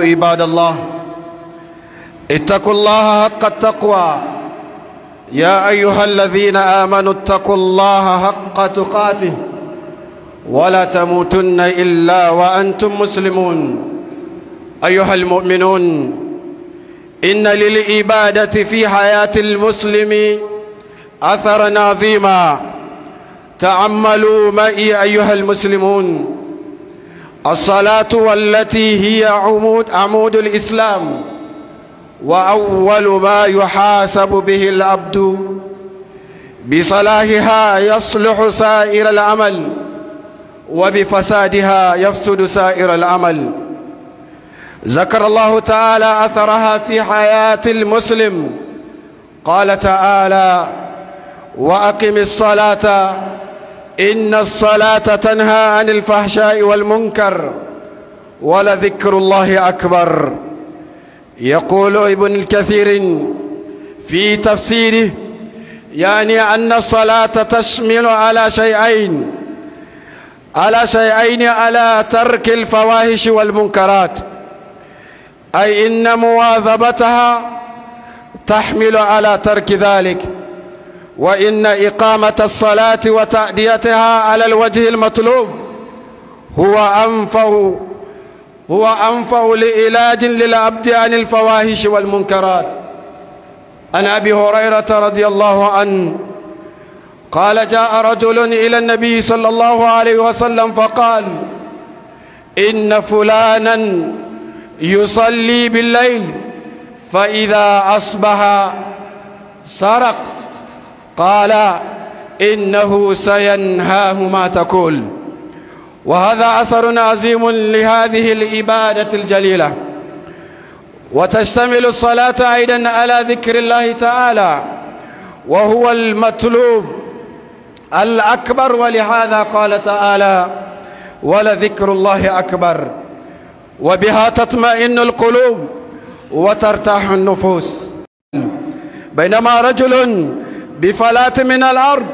عباد الله اتقوا الله حق التقوى يا أيها الذين آمنوا اتقوا الله حق تقاته ولا تموتن إلا وأنتم مسلمون أيها المؤمنون إن للإبادة في حياة المسلم أثرا عظيما تعملوا معي أيها المسلمون الصلاة والتي هي عمود عمود الإسلام وأول ما يحاسب به العبد بصلاحها يصلح سائر العمل وبفسادها يفسد سائر العمل ذكر الله تعالى أثرها في حياة المسلم قال تعالى وأقم الصلاة إن الصلاة تنهى عن الفحشاء والمنكر ولذكر الله أكبر يقول ابن الكثير في تفسيره يعني أن الصلاة تشمل على شيئين على شيئين على ترك الفواحش والمنكرات أي إن مواظبتها تحمل على ترك ذلك وإن إقامة الصلاة وتأديتها على الوجه المطلوب هو أنفع هو أنفع لعلاج للعبد عن الفواحش والمنكرات عن أبي هريرة رضي الله عنه قال جاء رجل إلى النبي صلى الله عليه وسلم فقال إن فلانا يصلي بالليل فإذا أصبح سرق قال إنه سينهاه ما تقول وهذا أثر عظيم لهذه الإبادة الجليلة وتشتمل الصلاة أيضا على ذكر الله تعالى وهو المطلوب الأكبر ولهذا قال تعالى ولذكر الله أكبر وبها تطمئن القلوب وترتاح النفوس بينما رجل بفلاة من الأرض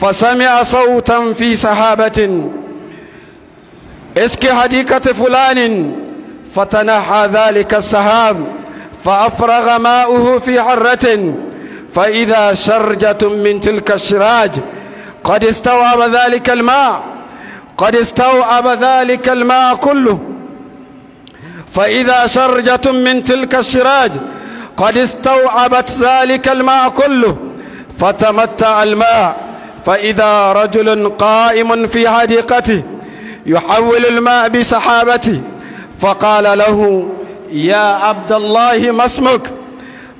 فسمع صوتا في سحابة اسك حديقة فلان فتنحى ذلك السحاب فأفرغ ماؤه في حرة فإذا شرجة من تلك الشراج قد استوعب ذلك الماء قد استوعب ذلك الماء كله فإذا شرجة من تلك الشراج قد استوعبت ذلك الماء كله فتمتع الماء فإذا رجل قائم في حديقته يحول الماء بسحابته فقال له يا عبد الله ما اسمك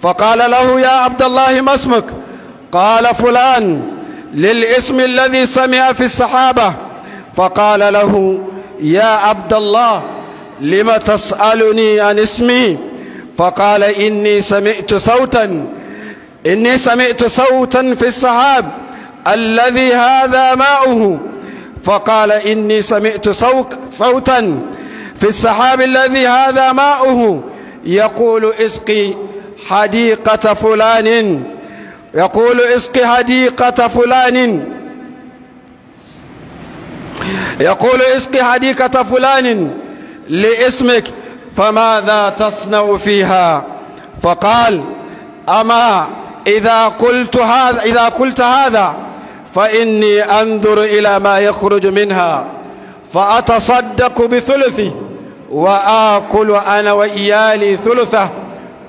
فقال له يا عبد الله ما اسمك قال فلان للاسم الذي سمع في السحابة فقال له يا عبد الله لم تسألني عن اسمي فقال إني سمعت صوتا إني سمعت صوتا في السحاب الذي هذا ماؤه فقال إني سمعت صوتا في السحاب الذي هذا ماؤه يقول اسقي حديقة فلان يقول اسقي حديقة فلان يقول اسقي حديقة فلان لاسمك فماذا تصنع فيها فقال أما إذا قلت هذا إذا قلت هذا فإني أنظر إلى ما يخرج منها فأتصدق بثلثي وآكل أنا وإيالي ثلثه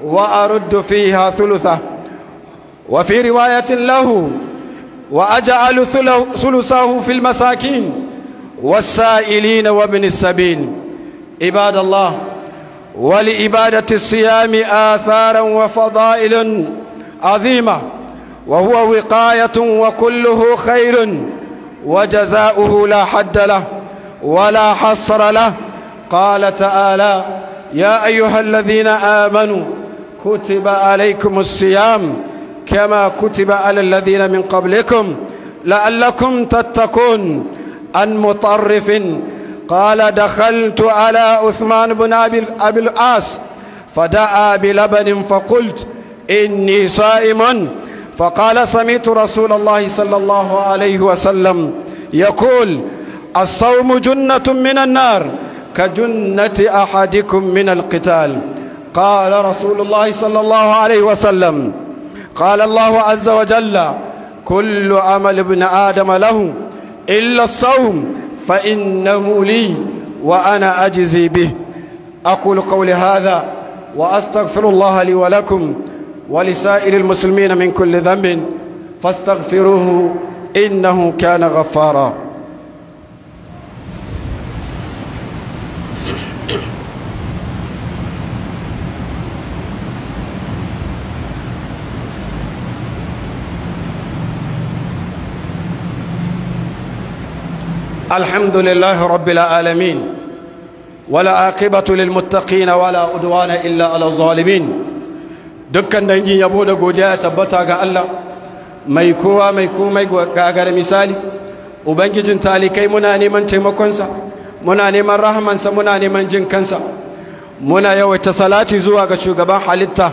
وأرد فيها ثلثه وفي رواية له وأجعل ثلثه في المساكين والسائلين وابن السبيل عباد الله ولعبادة الصيام آثارا وفضائل عظيمة وهو وقاية وكله خير وجزاؤه لا حد له ولا حصر له قال تعالى يا أيها الذين آمنوا كتب عليكم الصيام كما كتب على الذين من قبلكم لعلكم تتقون عن مطرف قال دخلت على عثمان بن أبي العاص فدعا بلبن فقلت إني صائم فقال سمعت رسول الله صلى الله عليه وسلم يقول الصوم جنة من النار كجنة أحدكم من القتال قال رسول الله صلى الله عليه وسلم قال الله عز وجل كل عمل ابن آدم له إلا الصوم فإنه لي وأنا أجزي به أقول قولي هذا وأستغفر الله لي ولكم ولسائر المسلمين من كل ذنب فاستغفروه إنه كان غفارا الحمد لله رب العالمين ولا عاقبة للمتقين ولا عدوان إلا على الظالمين dukkan dangin yabo da godiya ya tabbata ga Allah mai kowa mai komai gagar misali ubangijin talikai muna neman taimakonsa muna neman rahamansa muna neman jin kansa muna yawaita salati zuwa ga shugaban halitta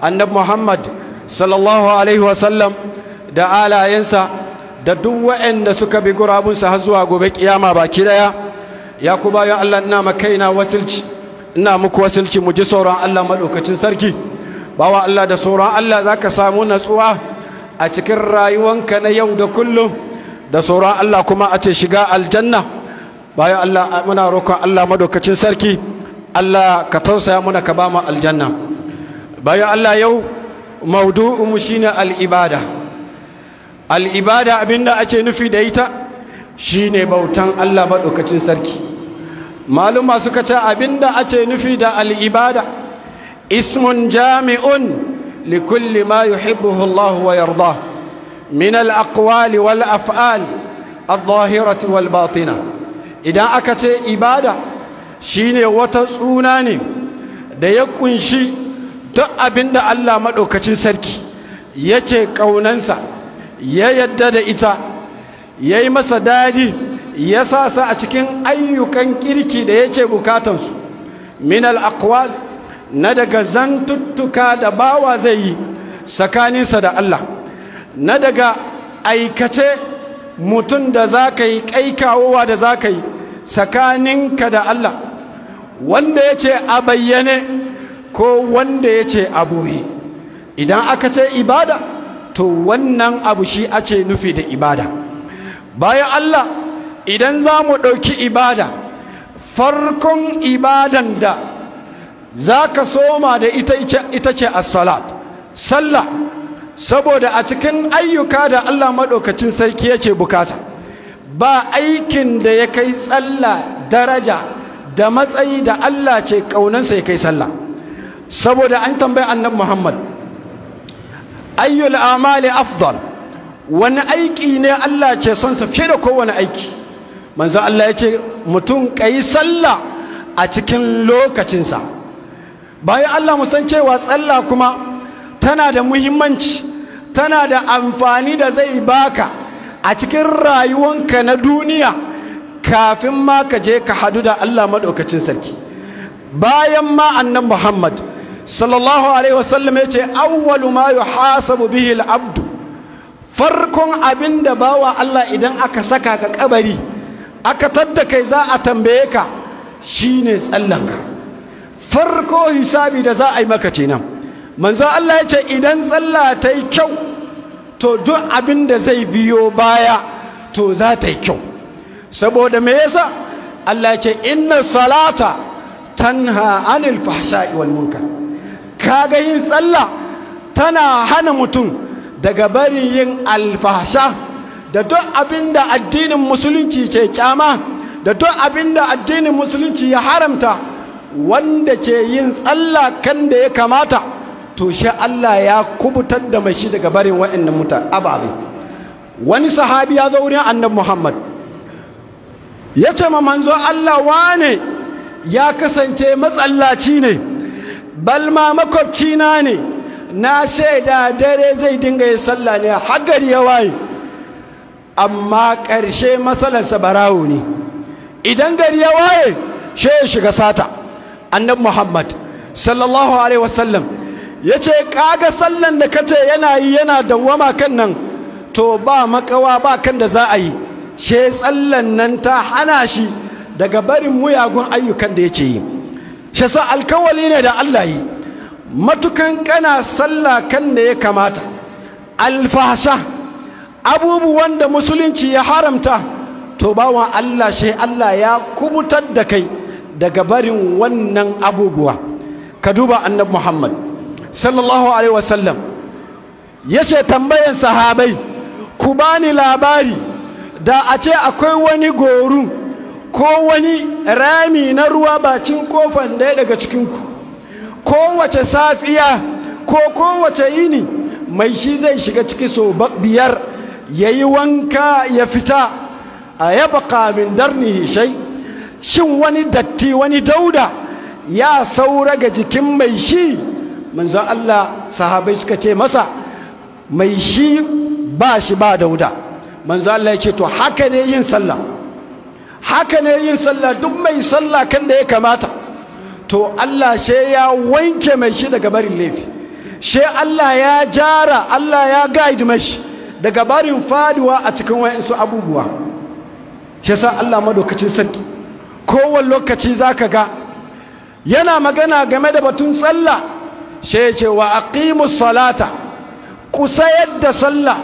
Annab muhammad sallallahu alaihi wasallam da alayensa da duk wa'anda suka bi gurabunsa har zuwa gobe kiyama baki daya ya ku bayan allah ina makaina wasilci ina muku wasilci mu ji sauran allah maɗaukacin sarki bawa Allah da tsoron Allah za ka samu natsuwa a cikin rayuwanka na yau da kullum da tsoron Allah kuma a ce shiga aljanna bayan Allah muna roƙon Allah madaukacin sarki Allah ka tausaya muna ka ba mu aljanna bayan Allah yau maudu'inmu shine al'ibada al'ibada abin abinda ake nufi da ita shine bautan Allah madaukacin sarki maluma suka ce abinda ake nufi da al'ibada اسم جامع لكل ما يحبه الله ويرضاه من الأقوال والأفعال الظاهرة والباطنة إذا أكت إبادة شيني وتسوناني ديكون شي تأبن دا الله مدوكة سرك يتي كوننسا ييدد إتا ييمس دادي يساس أشكين أيو كان كيركي ديكي بكاتنس من الأقوال na daga zantuttuka da bawa zai yi tsakaninsa da Allah na daga aikace mutum da za ka yi kawowa da za ka yi tsakaninka da Allah wanda ya ce a bayyane ko wanda ya ce a boye idan aka ce ibada to wannan abu shi a ce nufi da ibada bayan Allah idan za mu ɗauki ibada farkon ibadan da za ka soma da ita ce salat sallah saboda a cikin ayyuka da Allah maɗaukacin sarki yake bukata ba aikin da ya kai tsalla daraja da matsayi da Allah ce ƙaunansa ya kai sallah saboda an tambayi annabi Muhammad ayyul amali afdal wani aiki ne Allah ce son sa fiye da kowane aiki manzo Allah ya ce mutum kai sallah a cikin lokacinsa bayan Allah mu san cewa tsalla kuma tana da muhimmanci tana da amfani da zai baka a cikin rayuwanka na duniya kafin ma ka je ka hadu da Allah maɗaukacin sarki bayan ma annan Muhammad sallallahu alaihi wasallam yace awwalu ma yuhasabu bihi al-abdu farkon abin da bawa Allah idan aka saka ka kabari aka tadda kai za a tambaye ka shine tsallanka farko hisabi da za a yi maka kenan manzo Allah ya ce idan tsalla ta yi kyau to duk abin da zai biyo baya to za ta yi kyau saboda me yasa Allah ya ce inna salata tanha anil fahsha'i wal munkar kaga yin tsalla tana hana mutum daga barin yin alfahsha da duk abin da addinin musulunci ke kyama da duk abin da addinin musulunci ya haramta wanda ke yin kan da ya kamata to shi Allah ya kubutar da mai shi daga barin wa'annan mutane ababe wani sahabi ya zo wurin annabi Muhammad ya ce ma manzo Allah wane ya kasance matsallaci ne balma makwabci na ne na shaida dare zai dinga yin sallah ne har ya waye amma ƙarshe matsalarsa barawo ne idan gari ya waye shi ya shiga sata annabi Muhammad sallallahu alaihi wasallam yace kaga sallan da kace yana yi yana dawama kan nan to ba makawa ba kan da za a yi she sallan nan ta hana shi daga barin muyagun ayyukan da yake yi she sa alkawali ne da Allah yi matukan kana salla kan da ya kamata alfasha abubuwan da musulunci ya haramta to bawan Allah she Allah ya kubutar da kai daga barin wannan abubuwa ka duba annabi Muhammad sallallahu alaihi wasallam yace tambayan sahabai ku bani labari da a ce akwai wani goru ko wani rami na ruwa bacin kofan ɗaya daga cikinku kowace safiya ko kowace yini mai shi zai shiga ciki so biyar ya yi wanka ya fita a yaba kamin darni shai shin wani datti wani dauda ya saura ga jikin mai shi manzon Allah sahabai suka ce masa mai shi ba shi ba dauda manzon Allah ya ce to haka ne yin sallah haka ne yin sallah duk mai sallah kan da ya kamata to Allah she ya wanke mai shi daga barin laifi she Allah ya jara Allah ya guide mashi daga barin faduwa a cikin wayansu abubuwa shi sa Allah madaukacin sarki kowane lokaci za ka ga yana magana game da batun sallah shi ce wa aqimus salata ku sayar da sallah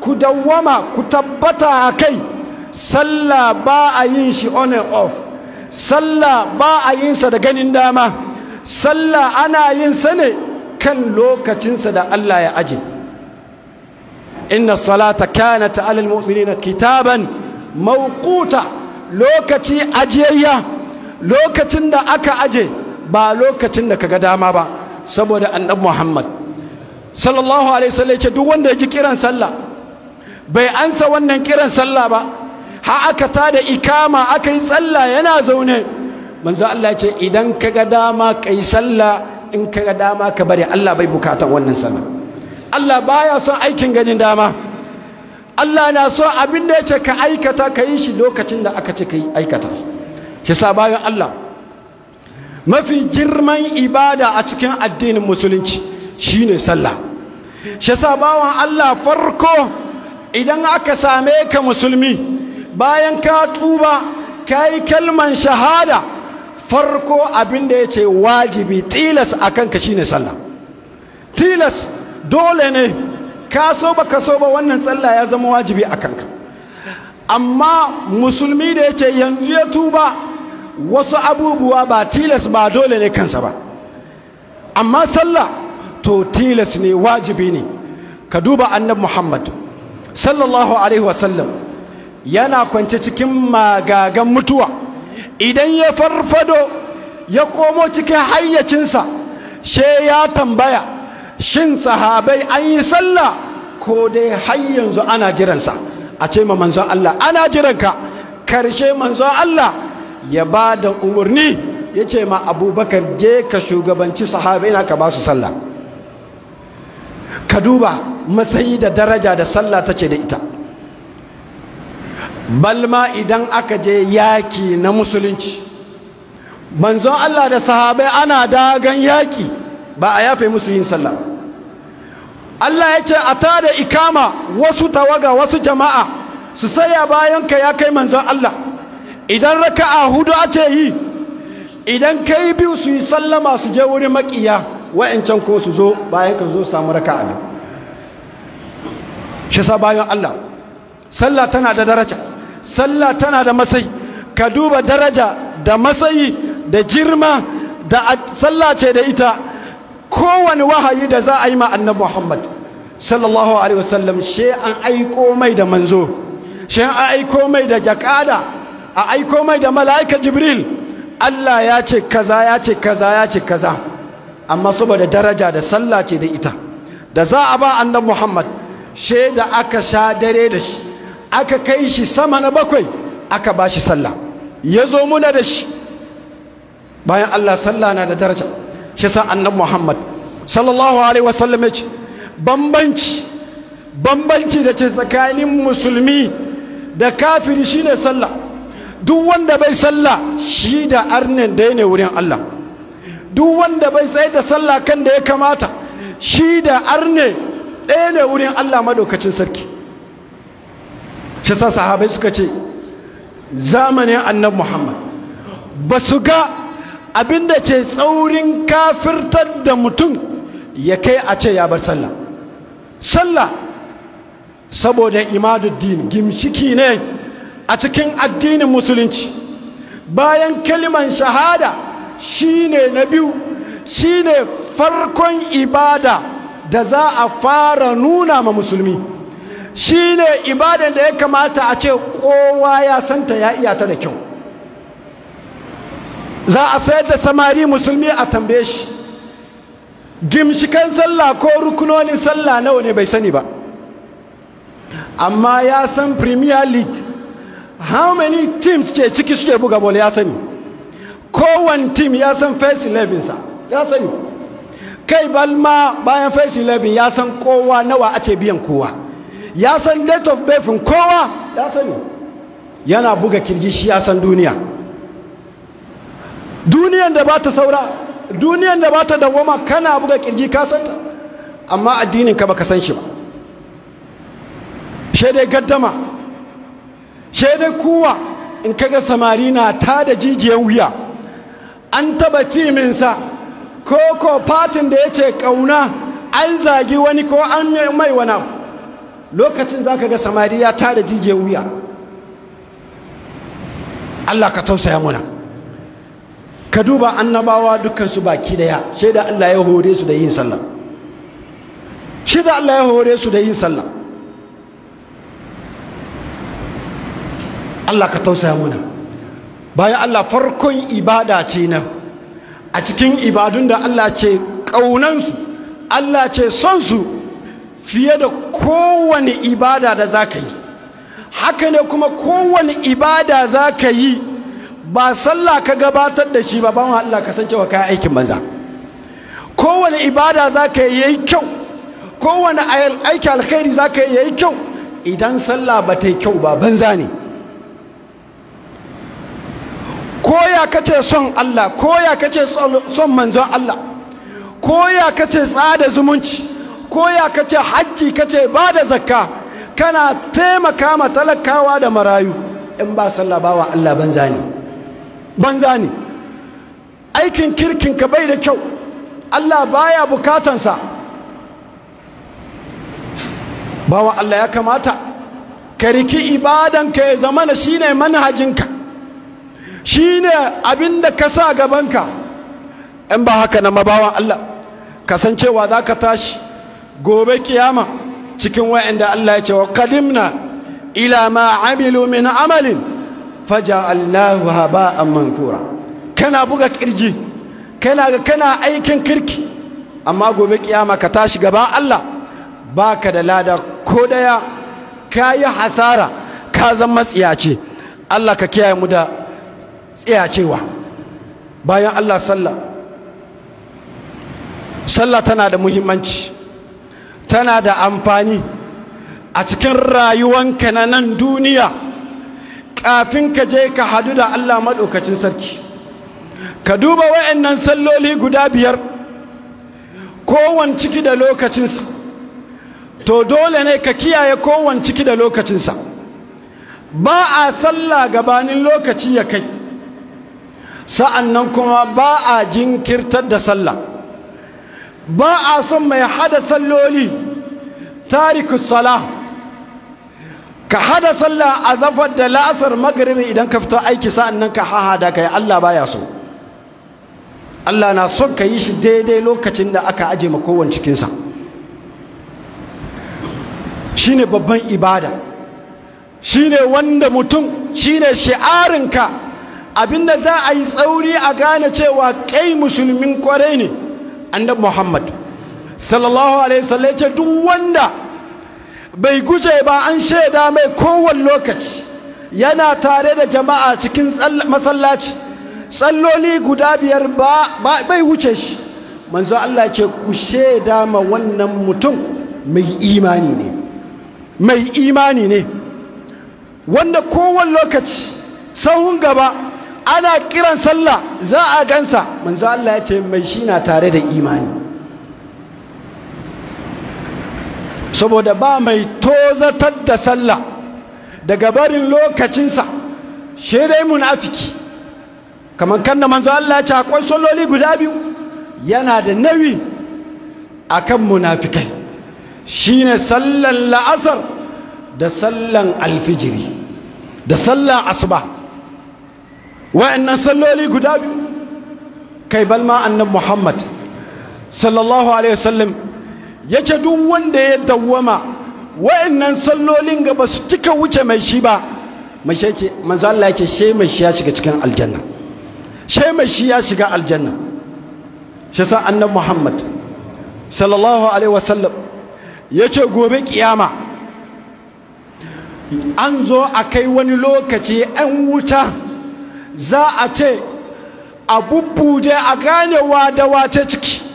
ku dawwama ku tabbata a kai sallah ba a yin shi on and off sallah ba a yin sa da ganin dama sallah ana yin sa ne kan lokacinsa da Allah ya aje inna salata kanat alal mu'minina kitaban mawquta lokaci ajiyayya lokacin da aka aje ba lokacin da kaga dama ba saboda annabi Muhammad sallallahu alaihi wasallam ce duk wanda ya ji kiran sallah bai ansa wannan kiran sallah ba har aka ta da ikama aka yi sallah yana zaune manzo Allah ce idan kaga dama kai sallah in kaga dama ka bari Allah bai bukata wannan sallah Allah baya son aikin ganin dama Allah na so abin da ya ce ka aikata ka yi shi lokacin da aka ce ka yi aikata shi sa bayan Allah mafi girman ibada a cikin addinin musulunci shine sallah shi sa bawan Allah farko idan aka same ka musulmi bayan ka tuba ka yi kalman shahada farko abin da ya ce wajibi tilas a kanka shine sallah tilas dole ne ka so ba ka so ba wannan tsalla ya zama wajibi a kanka amma musulmi da ya ce yanzu ya tuba wasu abubuwa ba tilas ba dole ne kansa ba amma sallah to tilas ne wajibi ne ka duba Annab muhammad sallallahu alaihi wasallam yana kwance cikin magagan mutuwa idan ya farfado ya komo cikin hayyacinsa she ya tambaya shin sahabai an yi sallah ko dai har yanzu ana jiransa a ce ma manzon Allah ana jiranka karshe manzon Allah ya ba da umarni ya ce ma abubakar je ka shugabanci sahabai na ka ba su sallah ka duba matsayi da daraja da sallah ta ce da ita balma idan aka je yaki na musulunci manzon Allah da sahabai ana dagan yaki ba a yafe musu yin sallah Allah ya ce a tada ikama wasu tawaga wasu jama'a su saya bayan ka ya kai manzon Allah idan raka a hudu a ce yi idan kai biyu su yi sallama su je wurin maƙiya, wa'ancan ko su zo bayan ka zo samu raka a shi sa bayan Allah sallah tana da daraja sallah tana da matsayi ka duba daraja da matsayi da girma da sallah ce da ita kowane wahayi da za a yi ma annabi Muhammad sallallahu alaihi wasallam she an aiko mai da manzo she an aiko mai da jakada a aiko mai da mala'ika jibril Allah ya ce kaza ya ce kaza ya ce kaza amma saboda daraja da sallah ce da ita da za a ba annabi Muhammad she da aka sha dare da shi aka kai shi sama na bakwai aka ba shi sallah ya zo muna da shi bayan Allah sallah na da daraja shi sa annabi Muhammad sallallahu alaihi wasallam yace bambanci bambanci da ce tsakanin musulmi da kafiri shi ne sallah duk wanda bai sallah shi da arnin da ne wurin Allah duk wanda bai tsaye da sallah kan da ya kamata shi da arne ɗaya ne wurin Allah madaukacin sarki shi sa sahabai suka ce zamanin annan Muhammad ba su ga abinda ce tsaurin kafirtar da mutum ya kai a ce ya bar sallah sallah saboda imaduddin gimshiki ne a cikin addinin musulunci bayan kaliman shahada shine na biyu shine farkon ibada da za a fara nuna ma musulmi shine ibadan da ya kamata a ce kowa ya santa ya iyata da kyau za a sayar da samari musulmi a tambaye shi gimshikan sallah ko rukunonin sallah nawa ne bai sani ba amma ya san premier league how many teams ke ciki suke buga bol ya sani kowane team ya san first eleven sa ya sani kai balma bayan first eleven ya san kowa nawa a ce biyan kowa ya san date of birth kowa ya sani yana buga kirji shi ya san duniya duniyan da ba ta saura duniyan da ba ta dawoma kana buga kirji ka ta, amma addinin ka baka san shi ba shaidai gaddama shaidai kuwa in kaga samari na ta da jijiyar wuya an taba ciminsa ko ko fatin da ya ce kauna an zagi wani ko an mai wana lokacin za ka ga samari ya ta da jijiyar wuya Allah ka tausaya muna. ka duba annabawa dukansu baki daya shaida Allah ya hore su da yin sallah shaida Allah ya hore su da yin sallah Allah ka tausaya mana. bayan Allah farkon ibada ce nan a cikin ibadun da Allah ce ƙaunansu Allah ce son su fiye da kowane ibada da za ka yi haka ne kuma kowane ibada za ka yi ba sallah ka gabatar da shi ba ban Allah ka san cewa kai aikin banza kowane ibada za ka yi yayi kyau kowane aiki alkhairi za ka yi yayi kyau idan sallah ba ta yi kyau ba banza ne koya kace son Allah koya kace son manzon Allah koya kace tsada zumunci koya kace hajji kace bada zakka kana taimaka ma talakawa da marayu in ba sallah wa Allah banza ne banza ne aikin kirkin ka bai da kyau Allah baya bukatansa bawa Allah ya kamata ka riki ibadanka ya zama na shine manhajinka shine abin da ka sa gabanka in ba haka na mabawan Allah kasancewa za ka tashi gobe kiyama cikin wa'anda Allah ya ce wa qadimna ila ma amilu min amalin faja'alnahu haba'an manthura kana buga kirji kana kana aikin kirki amma gobe kiyama ka tashi gaban Allah baka da lada ko daya kayi hasara ka zama matsiyace Allah ka kiyaye mu da tsiyacewa bayan Allah sallah sallah tana da muhimmanci tana da amfani a cikin rayuwanka na nan duniya kafin ka je ka hadu da Allah maɗaukacin sarki ka duba wa'annan salloli guda biyar kowan ciki da lokacinsa to dole ne ka kiyaye kowan ciki da lokacinsa ba a sallah gabanin lokaci ya kai sa'annan kuma ba a jinkirtar da sallah ba a son mai hada salloli tarikus salah ka hada sallah a zafar da la'asar magaribi idan ka fito aiki sa'an nan ka hahada ka yi Allah baya so Allah na son ka yi shi daidai lokacin da aka aje ma kowane cikinsa shi ne babban ibada shi ne wanda mutum shi ne sha'arinka. abinda za a yi tsauri a gane cewa kai musulmin kwarai ne annabi muhammad sallallahu alaihi wasallam ya ce duk wanda bai guje ba an shaida mai kowane lokaci yana tare da jama'a cikin masallaci tsalloli guda biyar bai wuce shi manzo Allah ce ku shaida ma wannan mutum mai imani ne mai imani ne wanda kowane lokaci sahun gaba ana kiran sallah za a gansa manzo Allah ya ce mai shi na tare da imani saboda ba mai tozatar da sallah daga barin lokacinsa shi dai munafiki kamar kan da manzo Allah ya ce akwai salloli guda biyu yana da nawi akan munafikai shine sallan la'asar da sallan alfijiri da sallan asuba wa'annan salloli guda biyu kai balma annabi Muhammad sallallahu alaihi wasallam ce duk wanda ya dawwama wayannan sallolin ga ba su cika wuce mai shi ba mashi manzala manzo Allah yace she mai shi ya shiga cikin aljanna she mai shi ya shiga aljanna shi sa annabi Muhammad sallallahu alaihi wasallam ce gobe kiyama an zo a kai wani lokaci 'yan wuta za a ce a bubbuje a ganewa da wace ciki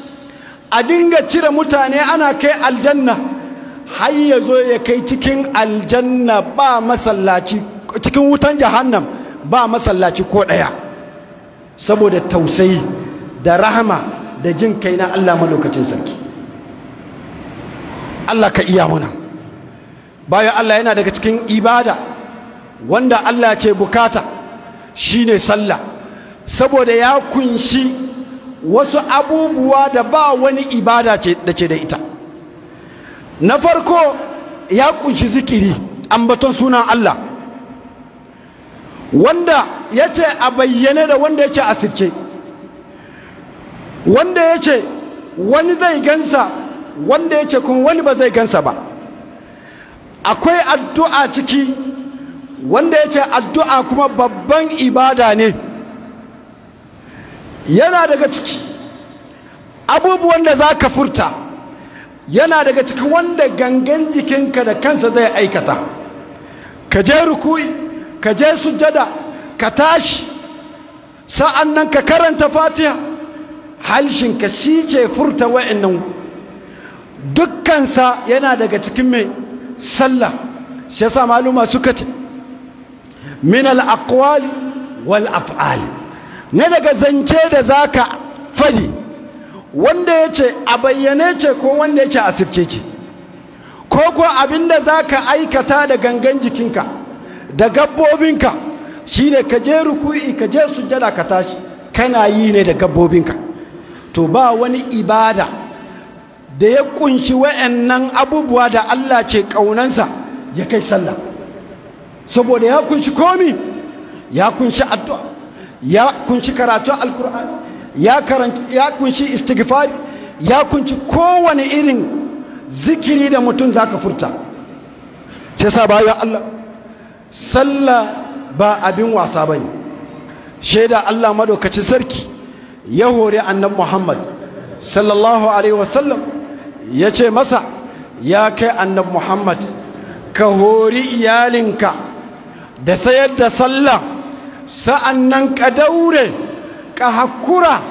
a dinga cire mutane ana kai aljanna har ya zo ya kai cikin aljanna ba masallaci cikin wutan jahannam ba masallaci ko ɗaya saboda tausayi da rahama da jin kai na Allah malaukacin sarki Allah ka iya muna bayan Allah yana daga cikin ibada wanda Allah ce bukata shine sallah saboda ya kunshi wasu abubuwa da ba wani ibada da ke da ita na farko ya kunshi zikiri ambaton suna Allah wanda ya ce a bayyane da wanda ya ce a sirke wanda ya ce wani zai gansa wanda ya ce kun wani ba zai gansa ba akwai addu'a ciki wanda ya ce addu'a kuma babban ibada ne yana daga ciki abubuwan da za ka furta yana daga ciki wanda gangan jikinka da kansa zai aikata ka je rukui ka je sujjada ka tashi sa'an nan ka karanta fatiha halshinka shi ce furta wa'annan dukkansa yana daga cikin mai sallah shi yasa maluma suka ce min al-aqwali wal af'ali na daga zance da za ka fadi wanda ya ce a bayyane ce ko wanda ya ce a sifce ce ko ko abinda ka aikata da gangan jikinka da gabbobinka shine ka je ruku'i ka je sujjada ka tashi kana yi ne da gabbobinka to ba wani ibada da ya kunshi wa'annan abubuwa da Allah ce kaunansa ya kai sallah saboda ya kunshi komi ya kunshi addu'a ya kunshi karatun alkur'ani ya ya kunshi istighfari ya kunshi kowane irin zikiri da mutum zaka furta ta sa bayan Allah sallah ba abin wasa bane shaida Allah madaukaci sarki ya hore annab Muhammad sallallahu alaihi wasallam ya ce masa ya kai annabi Muhammad ka hori iyalinka da sayar da sallah sa'an nan ka daure ka hakura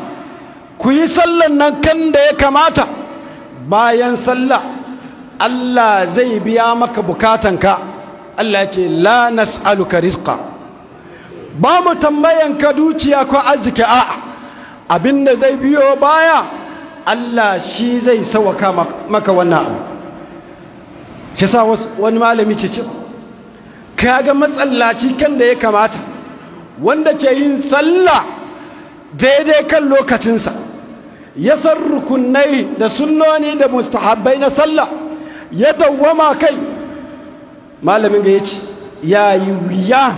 ku yi sallan nan kan da ya kamata bayan sallah Allah zai biya maka bukatanka Allah ce la nas'aluka rizqa ba mu tambayan ka dukiya ko arziki a abinda zai biyo baya Allah shi zai sawaka maka wannan abu shi sa wani malami ce ce ka ga matsalaci kan da ya kamata wanda ke yin sallah daidai kan lokacinsa ya san rukunai da sunnoni da mustahabbai na sallah ya dawwama kai malamin ga ya ce ya yi wuya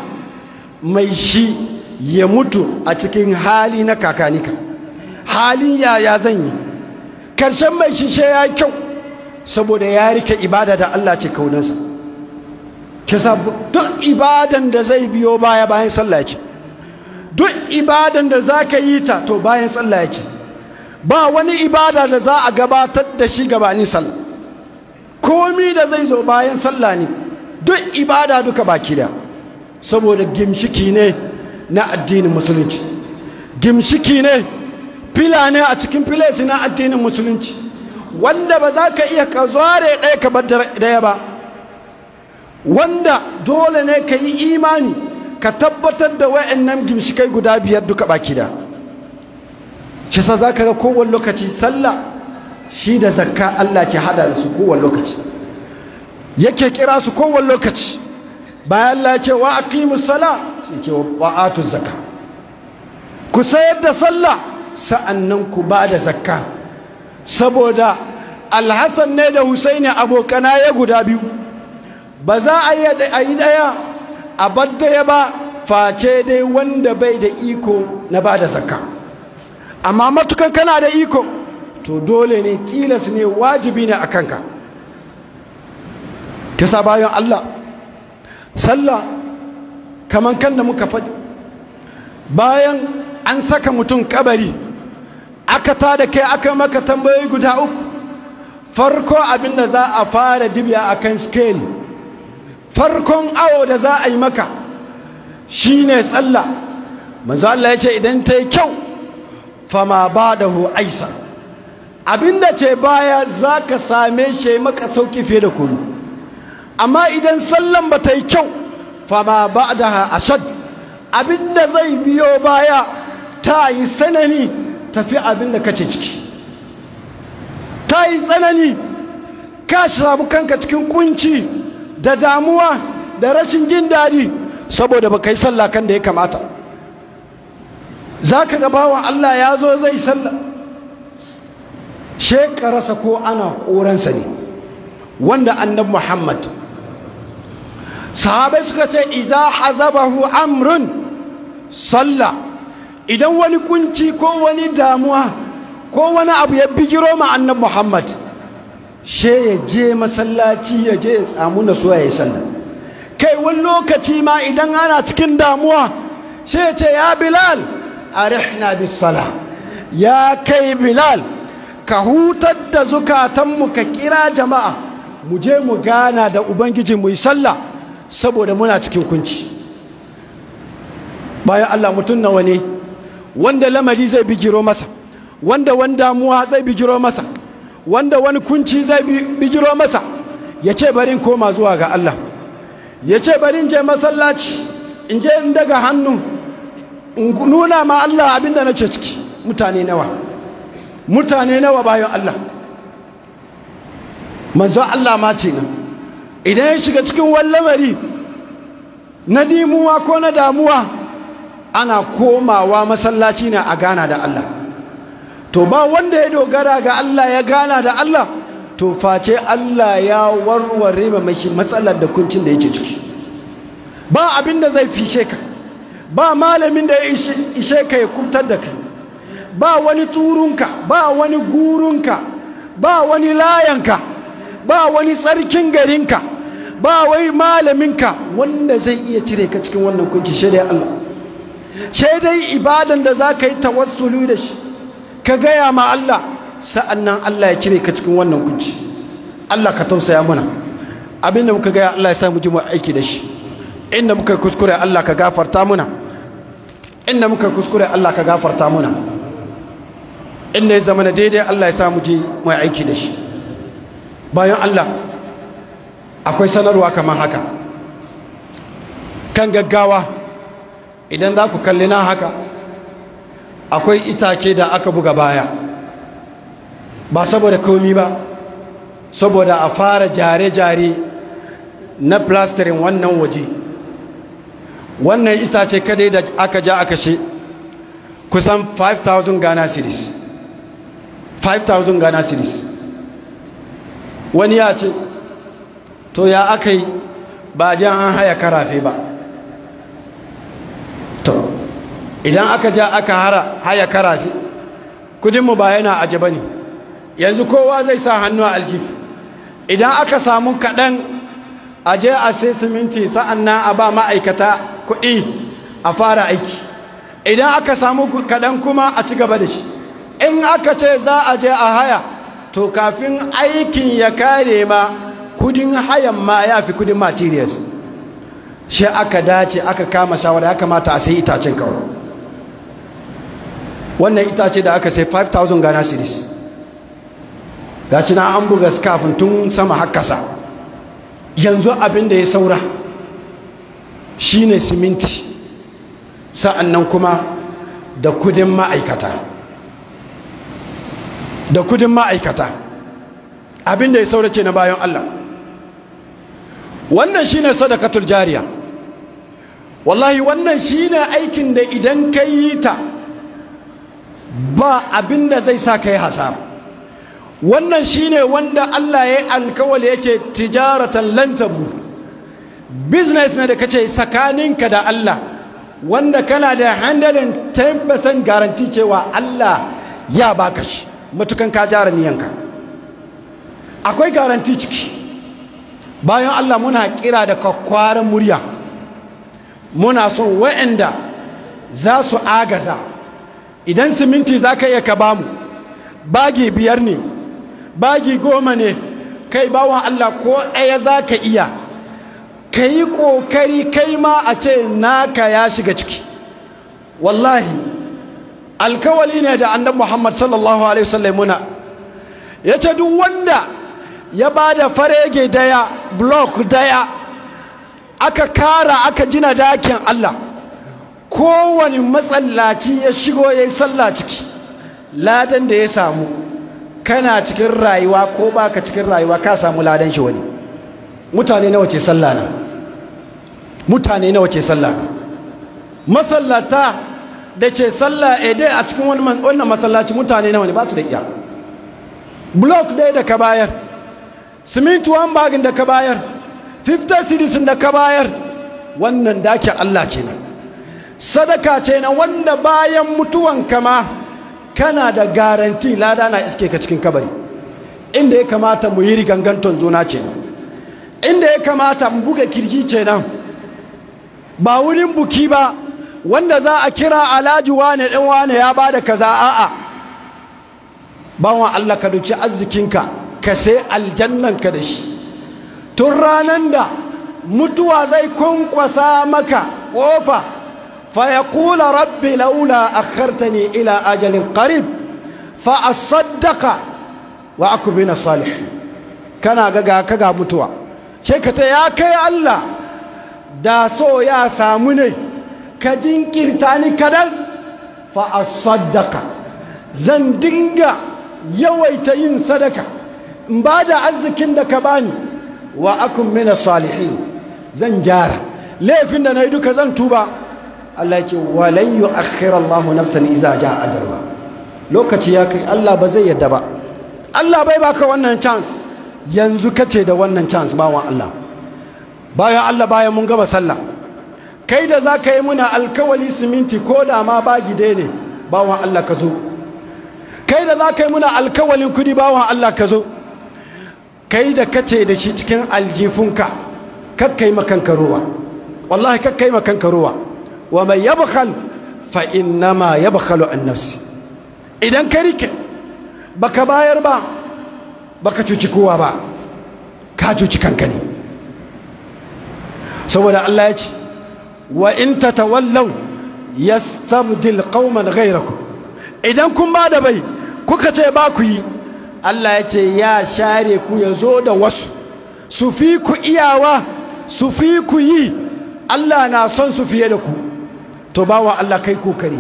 mai shi ya mutu a cikin hali na kakanika halin yaya zan yi karshen mai shi shi ya kyau saboda ya rike ibada da Allah ce kaunansa kisa duk ibadan da zai biyo baya bayan sallah ce duk ibadan da za ka yi ta to bayan sallah yake ba wani ibada da za a gabatar da shi gabanin sallah komi da zai zo bayan sallah ne duk ibada duka baki da saboda gimshiki ne na addinin musulunci gimshiki ne fila ne a cikin filesi na addinin musulunci wanda ba za ka iya ka zare ɗaya ka bar daya ba wanda dole ne ka yi imani ka tabbatar da wa'annan gimshikai guda biyar duka baki da shi sa za ka ga kowane lokaci sallah shi da zakka Allah ke hada da su kowane lokaci yake kira su kowane lokaci bayan Allah ya ce wa aqimus sala sai ce wa atu zakka ku sayar da sallah sa'annan ku ba da zakka saboda alhassan ne da husaini abokana ya guda biyu ba za a yi ɗaya a ya ba face dai wanda bai da iko na ba da zakka amma matukan kana da iko to dole ne tilas ne wajibi ne a kanka ta sa bayan Allah sallah kamar kan da muka faɗi bayan an saka mutum kabari aka ta da kai aka maka tambayoyi guda uku farko abin da za a fara dibiya akan scale farkon awo da za a yi maka shi ne tsalla manzo Allah ya ce idan ta yi kyau fama ba da hu aisa abinda ce baya za ka same shi maka sauki fiye da kuru amma idan sallan ba ta yi kyau fama ba da ha ashad abinda zai biyo baya ta yi tsanani tafi abinda kace ciki ta yi tsanani ka shabu kanka cikin kunci da damuwa da rashin jin daɗi saboda ba kai sallah kan da ya kamata za ka ga bawan Allah ya zo zai sallah shekararsa ko ana ƙoransa ne wanda annab Muhammad sahabai suka ce iza hazabahu amrun sallah idan wani kunci ko wani damuwa ko wani abu ya bigiro ma annabi Muhammad she ya je masallaci ya je ya tsamu na so ya yi sallah kai wani lokaci ma idan ana cikin damuwa she ya ce ya bilal arihna bis sala ya kai bilal ka hutar da zukatanmu ka kira jama'a mu je mu gana da ubangiji mu yi sallah saboda muna cikin kunci bayan allah mutum nawa ne wanda lamari zai bigiro masa wanda wani damuwa zai bigiro masa wanda wani kunci zai bijiro masa ya ce barin koma zuwa ga Allah ya ce barin je masallaci in je in daga hannu in nuna ma Allah abinda na ce ciki mutane nawa mutane nawa bayan Allah manzo Allah ma ce nan idan ya shiga cikin wallamari na dimuwa ko na damuwa ana komawa masallaci ne a gana da Allah to ba wanda ya dogara ga Allah ya gana da Allah to face Allah ya warware ma matsalar da kuncin da yake ciki ba abin da zai fishe ka ba malamin da ya ishe ka ya kubtar da kai ba wani turunka ba wani gurunka ba wani layanka ba wani tsarkin garinka ba wai malaminka wanda zai iya cire ka cikin wannan kunci shaidai Allah shaidai ibadan da za ka yi tawassulu da shi ka gaya ma Allah nan Allah ya cire ka cikin wannan kunci Allah ka tausaya muna abinda muka gaya Allah ya sa mu ji mu aiki da shi inda muka kuskure Allah ka gafarta muna inda muka kuskure Allah ka gafarta muna inda ya zama na daidai Allah ya sa mu ji mu aiki da shi bayan Allah akwai sanarwa kamar haka kan gaggawa idan za ku kalli na haka akwai itake da aka buga baya ba saboda komi ba saboda a fara jare-jare na plasterin wannan waje wannan itace kadai da aka ja aka she kusan 5,000 ghana series 5,000 ghana series wani ya ce to ya aka yi ba jan an haya karafe ba idan aka ja aka hara haya karafi kudinmu ba yana aje ba ne yanzu kowa zai sa hannu a aljif idan aka samu kaɗan aje a sai siminti sa'annan a ba ma'aikata kuɗi a fara aiki idan aka samu kaɗan kuma a ci gaba da shi in aka ce za a je a haya to kafin aikin ya kare ma kudin hayan ma ya fi kudin materials shi aka dace aka kama shawara ya kamata a sai itacen kawai wannan ita ce da aka sai 5000 ghana ga shi na an buga kafin tun sama hakasa yanzu abin da ya saura shine siminti sa'annan kuma da kudin ma'aikata da kudin ma'aikata abin da ya saura ce na bayan Allah wannan shine sadakatul jariya wallahi wannan shine aikin da idan ka yi ta ba abin da zai sa ka yi hasara wannan shine wanda Allah ya yi alkawali yake tijaratan lantabu business ne da ka ce tsakaninka da Allah wanda kana da handalin 10% garanti cewa Allah ya baka shi matukan ka jara niyanka akwai garanti ciki bayan Allah muna kira da kwakwaran murya muna son wa'anda za su agaza idan siminti za ka iya ka bamu bagi biyar ne bagi goma ne kai bawan Allah ko ɗaya za ka iya ka yi ƙoƙari kai ma a ce naka ya shiga ciki wallahi alkawali ne da annabi muhammad sallallahu alaihi wasallam muna ya ce duk wanda ya ba da farege daya block daya aka kara aka jina dakin Allah kowane matsalaci ya shigo ya yi sallah ciki ladan da ya samu kana cikin rayuwa ko baka cikin rayuwa ka samu ladan shi wani mutane nawa ke sallah na mutane nawa ke sallah masallata da ke sallah eh, dai a cikin wannan masallaci mutane nawa ne ba su da iya block dai da ka bayar siminti one bagin da ka bayar 50 cities da ka bayar wannan dakin Allah kenan sadaka ce na wanda bayan mutuwan kama kana da garanti lada na iske ka cikin kabari inda ya kamata mu yi riganganton zona ce inda ya kamata mu buga kirji kenan ba wurin buki ba wanda za a kira alhaji wane ɗan wane ya ba da kaza a'a bawan Allah ka duci arzikinka ka sai aljannanka da shi tun ranar da mutuwa zai kunkwasa maka ƙofa فيقول رب لولا أخرتني إلى أجل قريب فأصدق وأكو بنا صالح كان أغاقا كغا متوى شكت يا كي الله داسو يا سامني كجين كيرتاني كدل فأصدق زندنغا يويتين صدقة بعد عزكين دكباني وأكو من الصالحين زنجارة ليه فين دنا يدوك زنتوبة Allah ce walan yu'akhkhira Allahu nafsan idza jaa ajalha lokaci ya kai Allah ba zai yadda ba Allah bai baka wannan chance yanzu kace da wannan chance bawan Allah baya Allah baya mun gaba sallah kai da za ka yi muna alkawali siminti ko da ma ba gide ne bawan Allah ka zo kai da za ka yi muna alkawalin kudi bawan Allah ka zo kai da kace da shi cikin aljifunka kakkai makanka ruwa wallahi kakkai makanka ruwa wa mai yabkhal fa innama yabkhalu an nafsi idan ka rike baka bayar ba baka cuci kowa ba ka cuci kanka saboda Allah ya ce wa in tatawallaw yastabdil idan kun ba da bai kuka ce ba ku yi Allah ya ce ya share ku ya zo da wasu su fi ku iyawa su fi ku yi Allah na son su fiye da ku to bawa Allah kai kokari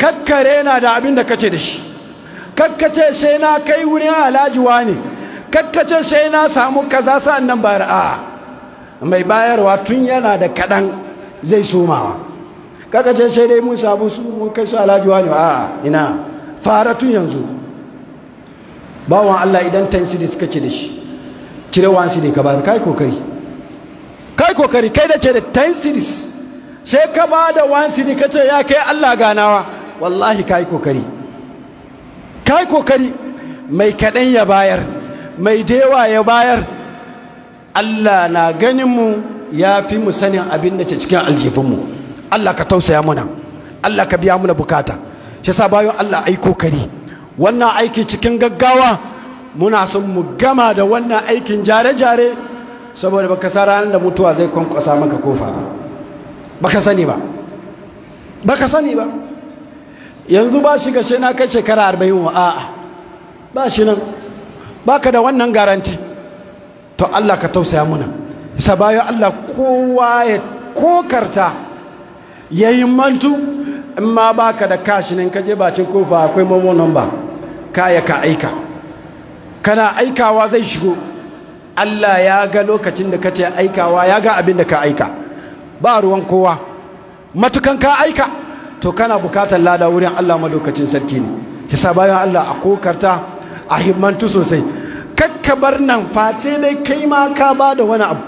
kakkare na da abin da kace da shi kakkace sai na kai wurin alajiwa ne kakkace sai na samu kaza sa'an nan bayar a mai bayarwa tun yana da kaɗan zai somawa kakkace sai dai mun samu su mun kai su alajiwa ne a ina fara tun yanzu bawan Allah idan tansidis kake da shi cire wansi ne ka bayar kai kokari kai kokari kai da ce da tansidis sai ka ba da wansini ka ce ya kai Allah ganawa wallahi ka yi kokari ka yi kokari mai kaɗan ya bayar mai dewa ya bayar Allah na ganinmu ya fi mu sanin abin da ke cikin aljifinmu Allah ka tausaya muna Allah ka biya muna bukata shi sa bayan Allah ai kokari wannan aiki cikin gaggawa muna son mu gama da wannan aikin jare-jare saboda baka sa ranar da mutuwa zai kwankwasa maka kofa ba baka sani ba baka sani ba yanzu ba shi gashe na kai shekara arba'in wa a'a ba shi nan baka da wannan garanti to Allah ka tausaya muna isa bayan Allah kowa ya kokarta ya yi mantu in ma baka da kashi nan kaje bacin kofa akwai momo ka kaya ka aika kana aikawa zai shigo Allah ya ga lokacin da kace aikawa ya ga abin da ka aika ba ruwan kowa matukan ka aika to kana bukatar lada wurin Allah madaukacin sarki ne sa bayan Allah a kokarta a himmantu sosai kakkabar nan face dai kai ma ka ba da wani abu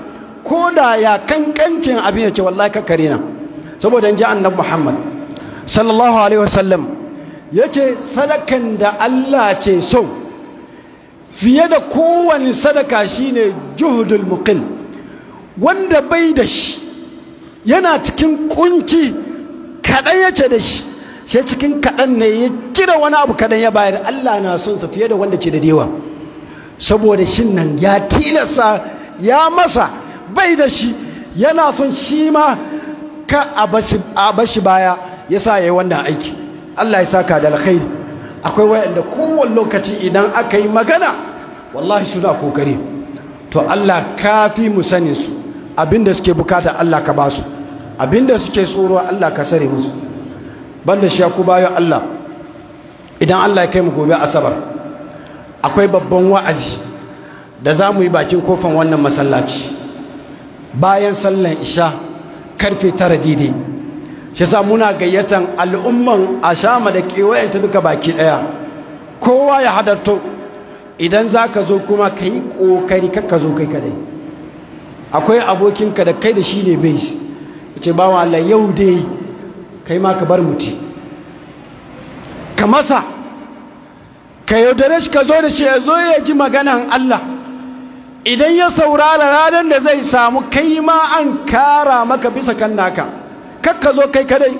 ko da ya kankancin abin ya ce wallahi kakkare na saboda in ji annabi Muhammad sallallahu alaihi wasallam yace sadakan da Allah ce so fiye da kowane sadaka shine juhudul muqil wanda bai da shi yana cikin kunci kaɗan yace da shi sai cikin kaɗan ne ya cire wani abu kaɗan ya bayar Allah na son sa fiye da wanda ke da dewa saboda shin nan ya tilasta ya masa bai da shi yana son shi ma ka a bashi baya ya sa ya yi wannan aiki Allah ya saka da alkhairi akwai wayanda kowane lokaci idan aka yi magana wallahi suna kokari to Allah kafi mu sani su abinda suke bukata Allah ka ba su abinda suke tsoro Allah ka sare musu banda shi ku bayo Allah idan Allah ya kai mu gobe asabar akwai babban wa'azi da za mu yi bakin kofan wannan masallaci bayan sallan isha karfe tara daidai shi sa muna gayyatan al'umman ashama da ta duka baki ɗaya kowa ya hadarto idan za ka zo kuma ka yi ƙoƙari kakka zo kai kadai akwai abokinka da kai da shi ne base ce bawan Allah yau dai kai ma ka bar muti ka masa ka yaudare shi ka zo da shi ya zo ya ji maganan Allah idan ya saurara ranar da zai samu kai ma an kara maka bisa kan naka ka zo kai kadai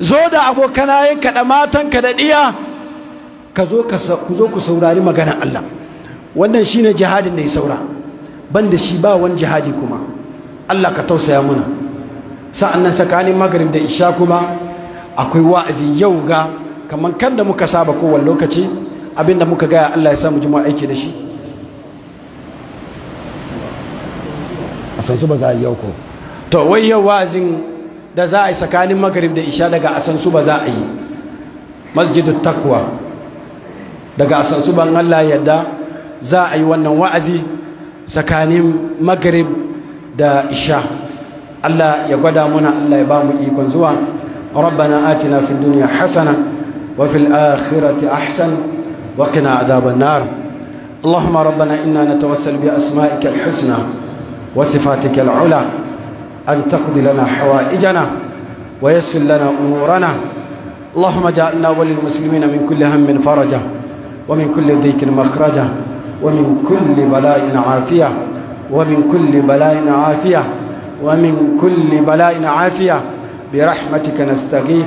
zo da abokana ka kada matan kada diya ka zo ku saurari maganan Allah wannan shine jihadin da ya saura ban da shi ba wani jihadi kuma Allah ka tausaya mana sa'annan tsakanin magarin da isha kuma akwai wa'azi yau ga kamar kan da muka saba kowane lokaci abinda muka gaya Allah ya samu jima aiki da shi a ba za a yi yau ko to wai yau wa'azin da za a yi tsakanin magarin da isha daga a ba za a yi masjidu takwa daga a san su ban Allah yadda za a yi wannan wa'azi tsakanin magarin da isha الله يقعد منا الله يبام إيكون زوا ربنا آتنا في الدنيا حسنة وفي الآخرة أحسن وقنا عذاب النار اللهم ربنا إنا نتوسل بأسمائك الحسنى وصفاتك العلى أن تقضي لنا حوائجنا ويسر لنا أمورنا اللهم جعلنا وللمسلمين من كل هم فرجا ومن كل ضيق مخرجا ومن كل بلاء عافية ومن كل بلاء عافية ومن كل بلاء عافية برحمتك نستغيث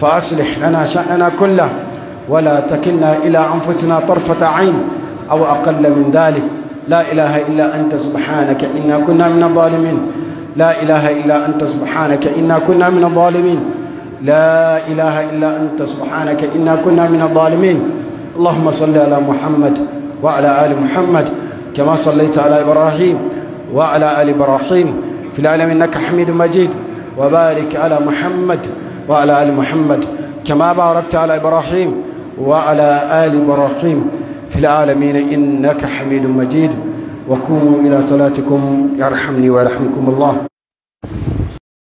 فأصلح لنا شأننا كله ولا تكلنا إلى أنفسنا طرفة عين أو أقل من ذلك لا إله إلا أنت سبحانك إنا كنا من الظالمين لا إله إلا أنت سبحانك إنا كنا من الظالمين لا إله إلا أنت سبحانك إنا كنا من الظالمين اللهم صل على محمد وعلى آل محمد كما صليت على إبراهيم وعلى آل إبراهيم في العالمين إنك حميد مجيد وبارك على محمد وعلى آل محمد كما باركت على إبراهيم وعلى آل إبراهيم في العالمين إنك حميد مجيد وقوموا إلى صلاتكم يرحمني ويرحمكم الله